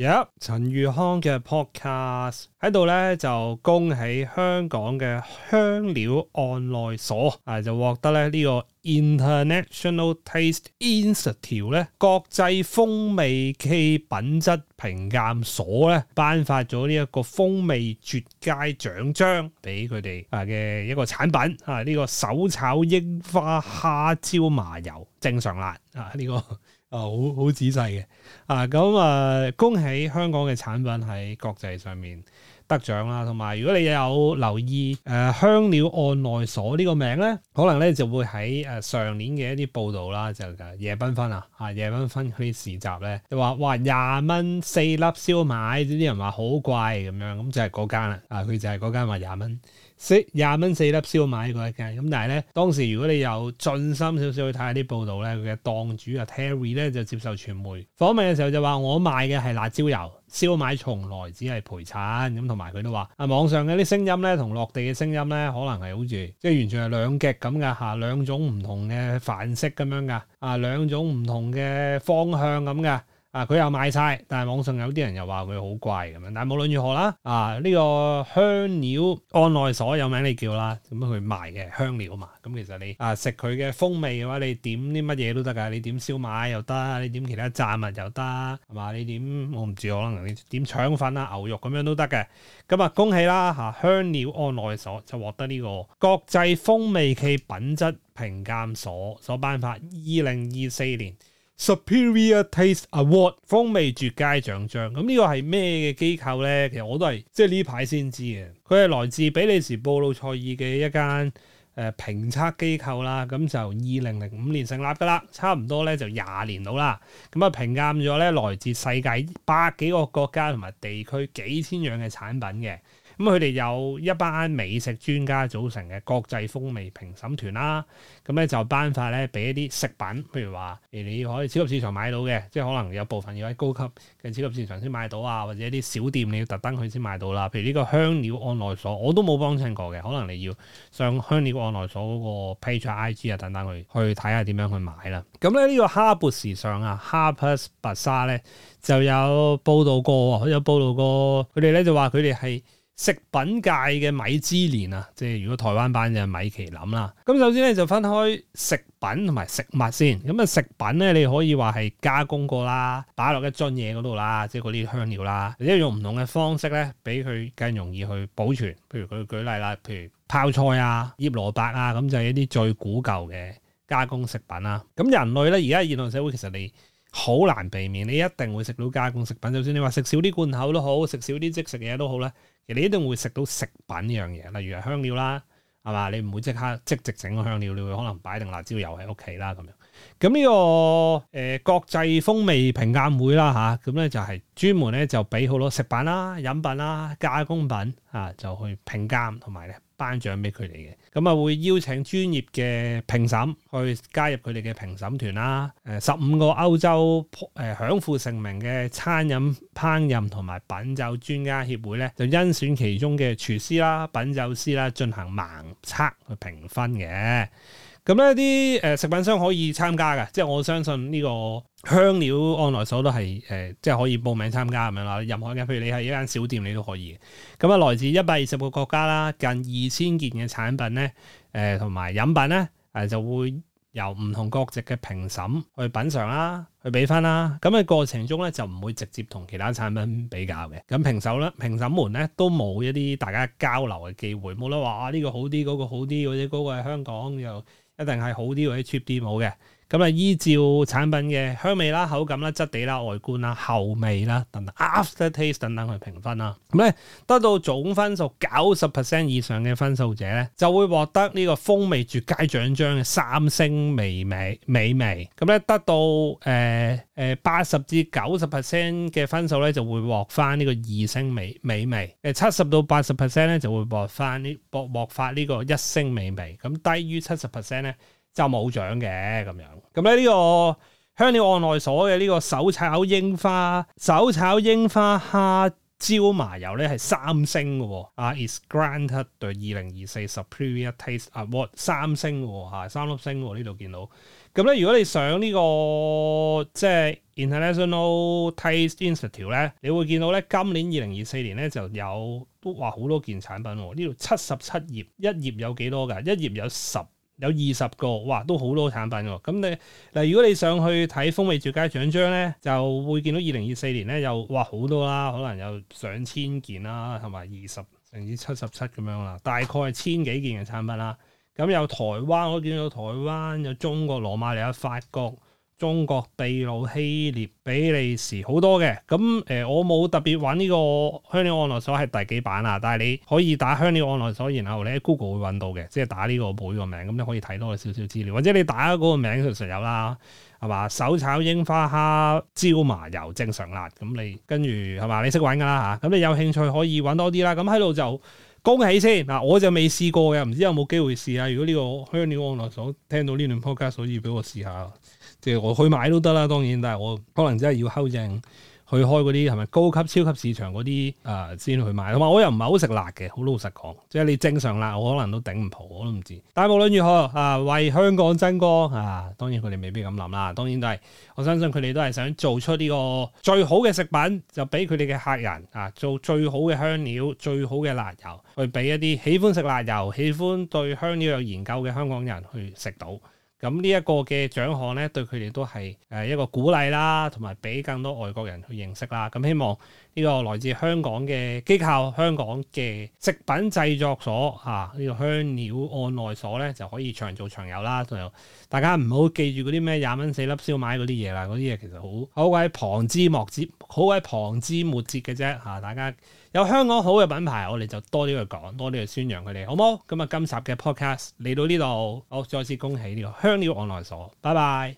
有陳宇康嘅 podcast 喺度咧，就恭喜香港嘅香料案內所啊，就獲得咧呢、這個 International Taste Institute 咧國際風味嘅品質評鑑所咧頒發咗呢一個風味絕佳獎章俾佢哋啊嘅一個產品啊，呢、這個手炒櫻花蝦椒麻油正常辣啊呢、這個。啊，好好仔細嘅啊，咁啊，恭喜香港嘅產品喺國際上面得獎啦，同埋如果你有留意誒、啊、香料案內所呢個名咧，可能咧就會喺誒、啊、上年嘅一啲報道啦，就係夜繽紛啊，啊夜繽紛啲市集咧，話哇廿蚊四粒燒賣，啲人話好貴咁樣，咁就係嗰間啦，啊佢就係嗰間話廿蚊。廿蚊四粒燒賣嗰一間。咁但係咧，當時如果你有盡心少少去睇下啲報道咧，佢嘅檔主阿 Terry 咧就接受傳媒訪問嘅時候就話：我賣嘅係辣椒油，燒賣從來只係陪襯。咁同埋佢都話啊，網上嘅啲聲音咧，同落地嘅聲音咧，可能係好似即係完全係兩極咁嘅嚇，兩種唔同嘅範式咁樣噶啊，兩種唔同嘅、啊、方向咁嘅。啊！佢又賣晒，但係網上有啲人又話會好貴咁樣。但係無論如何啦，啊呢、這個香料按內所有名你叫啦，咁佢賣嘅香料嘛。咁、嗯、其實你啊食佢嘅風味嘅話，你點啲乜嘢都得㗎。你點燒賣又得，你點其他炸物又得，係嘛？你點我唔知，可能你點腸粉啦、啊、牛肉咁樣都得嘅。咁、嗯、啊，恭喜啦嚇、啊！香料按內所就獲得呢個國際風味暨品質評鑑所所頒發二零二四年。Superior Taste Award 風味絕佳獎章，咁呢個係咩嘅機構呢？其實我都係即係呢排先知嘅，佢係來自比利時布魯塞爾嘅一間誒、呃、評測機構啦。咁就二零零五年成立噶啦，差唔多咧就廿年到啦。咁啊評鑑咗咧，來自世界百幾個國家同埋地區幾千樣嘅產品嘅。咁佢哋有一班美食專家組成嘅國際風味評審團啦，咁咧就頒發咧俾一啲食品，譬如話，你可以超級市場買到嘅，即係可能有部分要喺高級嘅超級市場先買到啊，或者一啲小店你要特登去先買到啦。譬如呢個香料案內所，我都冇幫襯過嘅，可能你要上香料案內所嗰個 page、IG 啊等等，去去睇下點樣去買啦。咁咧呢個哈勃時尚啊，Harper's Bazaar 咧就有報道過，有報道過，佢哋咧就話佢哋係。食品界嘅米芝蓮啊，即係如果台灣版就係米其林啦。咁首先咧就分開食品同埋食物先。咁啊，食品咧你可以話係加工過啦，擺落一樽嘢嗰度啦，即係嗰啲香料啦，或者用唔同嘅方式咧，俾佢更容易去保存。譬如佢舉例啦，譬如泡菜啊、醃蘿蔔啊，咁就係一啲最古舊嘅加工食品啦。咁人類咧而家現代社會其實你。好難避免，你一定會食到加工食品。就算你話食少啲罐頭都好，食少啲即食嘢都好啦，其實你一定會食到食品呢樣嘢，例如係香料啦，係嘛？你唔會即刻即即整個香料，你會可能擺定辣椒油喺屋企啦咁樣。咁呢、這個誒、呃、國際風味評鑑會啦嚇，咁、啊、咧就係、是、專門咧就俾好多食品啦、飲品啦、啊、加工品啊，就去評鑑同埋咧頒獎俾佢哋嘅。咁啊會邀請專業嘅評審去加入佢哋嘅評審團啦。誒十五個歐洲誒、呃、享負盛名嘅餐飲烹飪同埋品酒專家協會咧、啊，就甄選其中嘅廚師啦、啊、品酒師啦進、啊、行盲測去評分嘅。咁呢啲誒食品商可以參加嘅，即係我相信呢個香料案內所都係誒、呃，即係可以報名參加咁樣啦。任何嘅譬如你係一間小店，你都可以。咁、嗯、啊，來自一百二十個國家啦，近二千件嘅產品咧，誒同埋飲品咧，誒、呃、就會由唔同國籍嘅評審去品嚐啦。去比分啦，咁喺過程中咧就唔會直接同其他產品比較嘅，咁評手咧，評審們咧都冇一啲大家交流嘅機會，冇得話呢個好啲，嗰、嗰個好啲，或者嗰個喺香港又一定係好啲，或者 cheap 啲冇嘅，咁啊依照產品嘅香味啦、口感啦、質地啦、外觀啦、後味啦等等，after taste 等等去評分啦，咁咧得到總分數九十 percent 以上嘅分數者咧就會獲得呢、呢個風味絕佳獎、獎章嘅三星美味美味，咁咧得到誒。欸誒誒，八十至九十 percent 嘅分數咧，就會獲翻呢個二星美美味；誒，七十到八十 percent 咧，就會獲翻呢獲獲發呢個一星美味。咁低於七十 percent 咧，就冇獎嘅咁樣。咁咧呢個香料案內所嘅呢個手炒櫻花、手炒櫻花蝦椒麻油咧，係三星嘅。啊，is granted 對二零二四 Superior Taste Award 啊，獲三星吓，三粒星呢度見到。咁咧，如果你上呢個即係 International Taste Institute 咧，你會見到咧，今年二零二四年咧就有都話好多件產品喎。呢度七十七頁，一頁有幾多噶？一頁有十，有二十個，哇，都好多產品喎。咁你嗱，如果你上去睇風味絕佳獎章咧，就會見到二零二四年咧又哇好多啦，可能有上千件啦，同埋二十甚至七十七咁樣啦，大概係千幾件嘅產品啦。咁、嗯、有台灣，我見到台灣有中國、羅馬尼亞、法國、中國、秘魯、希臘、比利時好多嘅。咁誒、呃，我冇特別揾呢、這個香料案內所係第幾版啊？但係你可以打香料案內所，然後你喺 Google 會揾到嘅，即係打呢個妹個名，咁你可以睇多少少資料。或者你打嗰個名，其實有啦，係嘛？手炒櫻花蝦，椒麻油，正常辣。咁你跟住係嘛？你識玩噶啦嚇。咁你有興趣可以揾多啲啦。咁喺度就。恭喜先嗱，我就未試過嘅，唔知有冇機會試下。如果呢個香料案內所聽到呢段 podcast，所以俾我試下，即係我去買都得啦。當然，但係我可能真係要敲正。去開嗰啲係咪高級超級市場嗰啲啊先去買，同埋我又唔係好食辣嘅，好老實講，即係你正常辣我可能都頂唔妥，我都唔知。但係無論如何啊，為香港爭光啊，當然佢哋未必咁諗啦，當然都係，我相信佢哋都係想做出呢個最好嘅食品，就俾佢哋嘅客人啊做最好嘅香料、最好嘅辣油，去俾一啲喜歡食辣油、喜歡對香料有研究嘅香港人去食到。咁呢一個嘅獎項咧，對佢哋都係誒一個鼓勵啦，同埋俾更多外國人去認識啦。咁希望呢個來自香港嘅機構、香港嘅食品製作所嚇，呢、啊呢個香料案內所咧就可以長做長有啦。仲有大家唔好記住嗰啲咩廿蚊四粒燒賣嗰啲嘢啦，嗰啲嘢其實好好鬼旁枝末節，好鬼旁枝末節嘅啫嚇。大家有香港好嘅品牌，我哋就多啲去講，多啲去宣揚佢哋，好冇？咁啊，今，今集嘅 podcast 嚟到呢度，我再次恭喜呢、呢個香。香料案內所，拜拜。